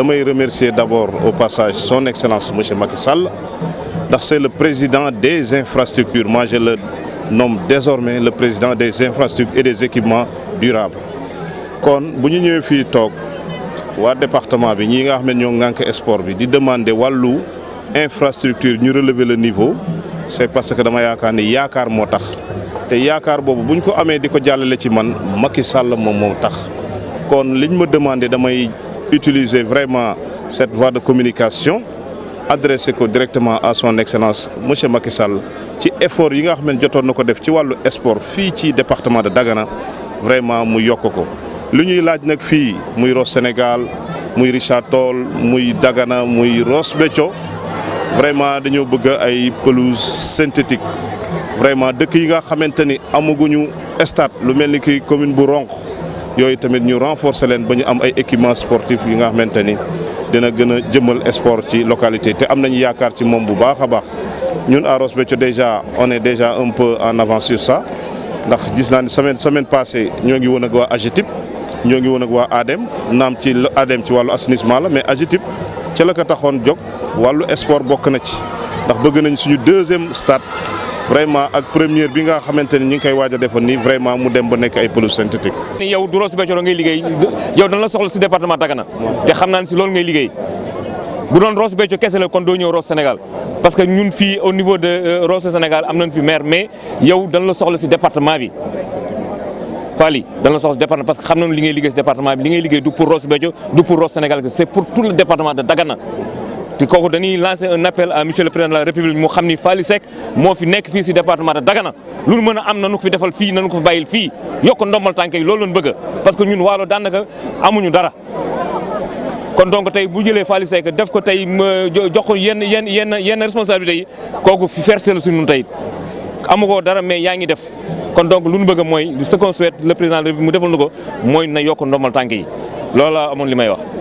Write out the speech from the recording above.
damay remercier d'abord au passage son excellence monsieur Macky Sall c'est le président des infrastructures moi je le nomme désormais le président des infrastructures et des équipements durables kon bu ñu ñëwee fii département bi ñi nga xam ne ñoo sport bi di demander infrastructure ñu relever le niveau c'est parce que dama avons ni yaakaar moo Et te si boobu buñ ko amee di ko jàllale ci man Macky Sall moom moo tax kon liñ ma damay utiliser vraiment cette voie de communication adressé directement à son excellence monsieur Macky Sall ci effort yi nga xamné ne jotoon ko def ci walu sport fi ci département de Dagana vraiment mu yokko ko laaj nak fi muy Ross Sénégal muy Richard Toll muy Dagana muy Ross Béthio vraiment dañu bëgg ay pelouse synthétique vraiment dëkk yi nga xamanteni ni amaguñu stade lu melni ki commune bu ronk yooyu tamit ñu renforcer leen ba ñu am ay équipement sportif yi nga xamante ni dina gën a jëmal sport ci localité te am nañu yaakaar ci moom bu baax a baax ñun à Ross Béthio déjà on est déjà un peu en avance sax ndax gis naa ni semaine semaine passée ñoo ngi woon ak waa AGETIP ñoo ngi woon ak waa ADEM naam ci ADEM ci wàllu assainissement la mais AGETIP ca la ko taxoon jog wàllu sport bokk na ci ndax bëgg nañ suñu deuxième stade vraiment ak première bi nga xamante ni ñu ngi koy waaj a defoon nii vraiment mu dem ba nekk ay pelouse synthétique. ni yow Ross Béthio ngay département Dagana te xam naa ne si loolu ngay liggéey bu doon Ross Béthio kese la Sénégal parce que ñun fii au niveau de euh, Ross Sénégal am nañ fi maire mais yow dañ la soxla si département bi. Fally dañ la soxla département parce que xam nañu li bi li ngay liggéey du pour Ross Béthio du pour Ross Sénégal c'est pour tout le département de kooku dañuy lancer un appel à monsieur le président de la république mu xam ni Faly Seck moo fi nekk fii si département de Dagana lu nu mën a am nanu ko fi defal fii na ko fi bàyyil fii yokk ndombal tànk yi loolu lañ bëgg parce que ñun waalo daanaka amuñu dara kon donc tey bu jëlee Faly Seck def ko tey jox ko yenn yenn yenn yenn responsabilité yi kooku fi fierté la suñu tey amu ko dara mais yaa ngi def kon donc lu nu bëgg mooy ce qu'on souhaite le président mu defal nu ko mooy na yokk ndombal tànk yi loolu laa amoon li may wax.